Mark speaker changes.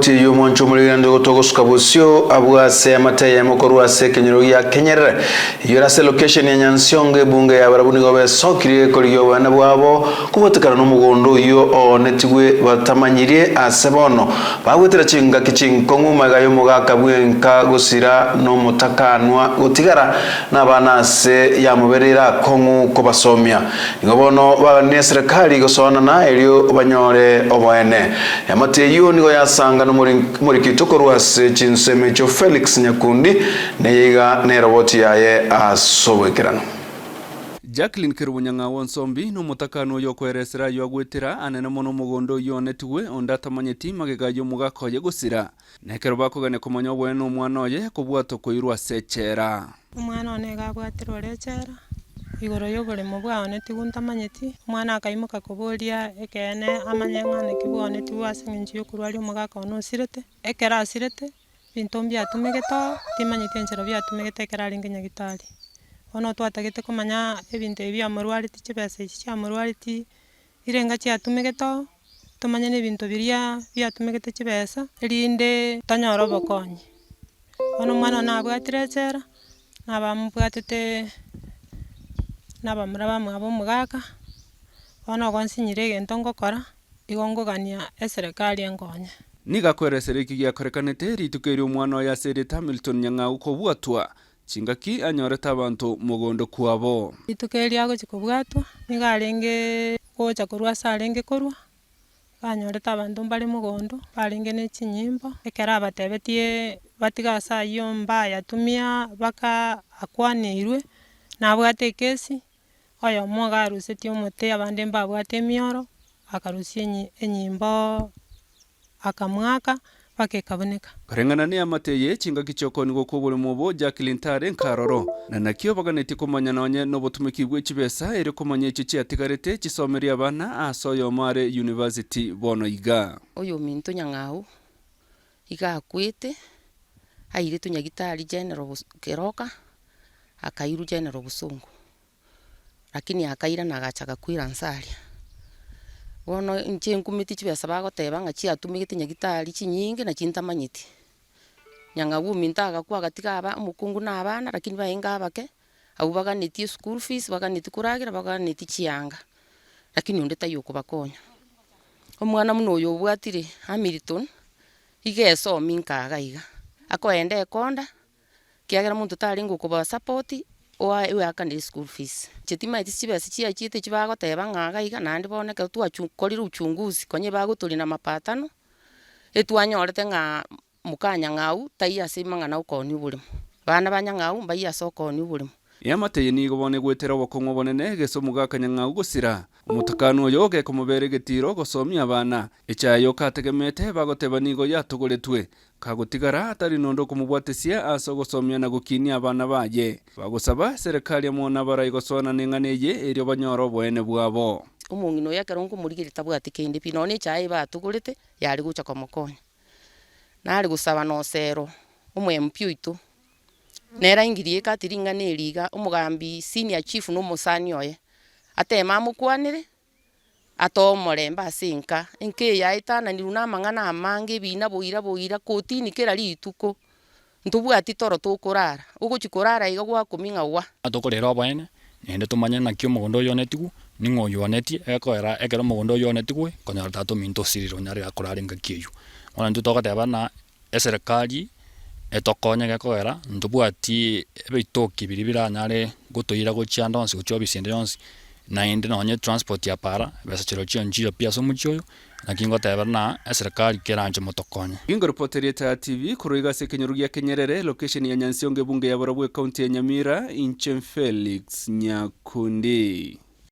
Speaker 1: toti y'omonto omolegirande gotogosuka bosio abwase amatayi yamoko rwase kenyero giakenyerere iyo rase location ya nyansiongo ebunge yabarabu nigo besokire korigia obwana bwabo kobotekana na omogondo oyo oonetigwe batamanyirie ase bono bagwetera chingaki chinkong'u magayo omogaka bwenka gosira na omotakanwa gotigara na abana ase yamoberera akong'u kobasomia nigo bono bagani na eserikali gosoana na erio banyore obwene amatayi yo nigo yasanga ngano murikitukorwasi chinseme emicho Felix Nyakundi neyiga neroboti yaye asobokerana
Speaker 2: Jacqueline Kirubunyang'ao Nsombi na omotakani oyo okweresera yo agwetera anene mono omogondo oyo onetiwe onde atamanyeti magega ya omogaka oye gosira nekero bakogania komanya obwene na omwana oye ekobwata okoirwa ase echera
Speaker 3: omwana one iga abwaterwe ore echera iguru ya uburimo bwaboneti buntamanyeti omwana akaimuka kuburia ekene amanye ng'ana eki bwaboneti bwase eng'encho ya okorwaria omogaka one osirete ekero asirete binto mbiatumegete oo timanyeti enchera biatumegete ekero arenge nyagetari bono twatagete komanya ebinto ebi biamorwareti chibesa echi chiamorwareti irenga chiatumegete oo tomanye na ebinto biria biatumegete chibesa erinde tonyora obokonyi bono omwana one nabwatire echera naba ambwatete nabamura bamwe aba omogaka bono igo egento ngokora igo nkogania eserekari enkonye
Speaker 2: niga kweresera ekio giakorekanete rituko eria omwana oyo aserete hamilton nyang'au kobwatwa chingaki anyorete abanto mogondo kwabo
Speaker 3: rituko eria agochi kobwatwa niga arenge gocha korwa ase arenge korwa banyorete abanto mbare mogondo barenge na echinyimbo ekero abatebetie batiga ase aywo mbayatumia baka akwaneirwe nabwate ekesi oyo omwogo arusetie omote abande mbabwate emioro akarusia enyimbo akamwaka mpaka ekaboneka
Speaker 2: kareng'ana na amate ye chingaki chiokoni gokoborema obo jacklin tare nkaroro na nakio baganetie komanya nonye nobotumeki bwa chibesa ere komanya echio chiatigarete chisomeria abana ase oyo omo are university bono iga
Speaker 4: oyo minto nyang'au iga akwete aire tonyagitari general keroka akairu general busongo lakini akaira na gachaga kwira nsaria bono inche nkumiti chibesa bagoteba ng'a chiatumigete nyagitari chinyinge na chintamanyeti nyang'a bwaominto agaku agatiga aba omokungu na abana lakini baenga abake abwo baganeti school fees baganeti koragera baganeti chianga lakini onde taiyo okobakonya omwana muno oyo obwatire hamilton iga esomi nkaga iga akoenda ekonda kiagera monto tarenge okobasapoti oiwaka ni school fees chitimaiti chibesa chiachiete chibagoteba ng'aga iga naende boneke twachukorire uchunguzi konye bagoturi na mapatano etwanyorete ng'a mukanya ng'au tai ase emang'ana okoonia oboremo bana ba nyang'au mbai ase okoonia oboremo
Speaker 1: eamate eye nigo bono egwetera obokong'u obonene egesomo gaka nyang'au gosira omotakani oyo ogekobera egetiro gosomia abana echae okategemete bagoteba nigo yatogoretwe kagotigara atari nondo okomobwatesia ase ogosomia na gokinia abana baye bagosaba serekari amo nabarai gosoana eng'ana eye erio banyora obwaene bwabo
Speaker 4: omong'ina oyo ekero nkomorigereta bwatekeinde pi nonya echae batogorete yare gocha komokonya nare gosaba noserwa omwe mp oito neraingirie ekatiri ng'ana eriga omogambi senior chief na omosani oye atemamukwanire atomore mbasi nka nkiyaetananiru na amang'ana amange bina boira boira kotini kera rituko ntubwati toro tukurara uguchi kurara iga gwakuming'aua
Speaker 5: atukurira obwene naende tumanye naki omogondo oyo onetigu ning'o yonetie ekoera ekero omogondo oyo onetigwe konyora tatomini tosirire onyarera korarenga keiyo bono intwe togoteba na eserikari etokonyege ekogera ntubwati ebitoki biri biranyare gotoira gochia ndonsi gochia obisi ende yonsi na ende nonye transport ya para besa chiro njio pia somuchioyo na kingo tebera na eserikari keranche motokonye
Speaker 1: ingo reporter ya tv kuruiga se ekenyoro gia kenyerere location ya nyansiongo ebunge ya barabwo ekaunti ya nyamira inche felix nyakundi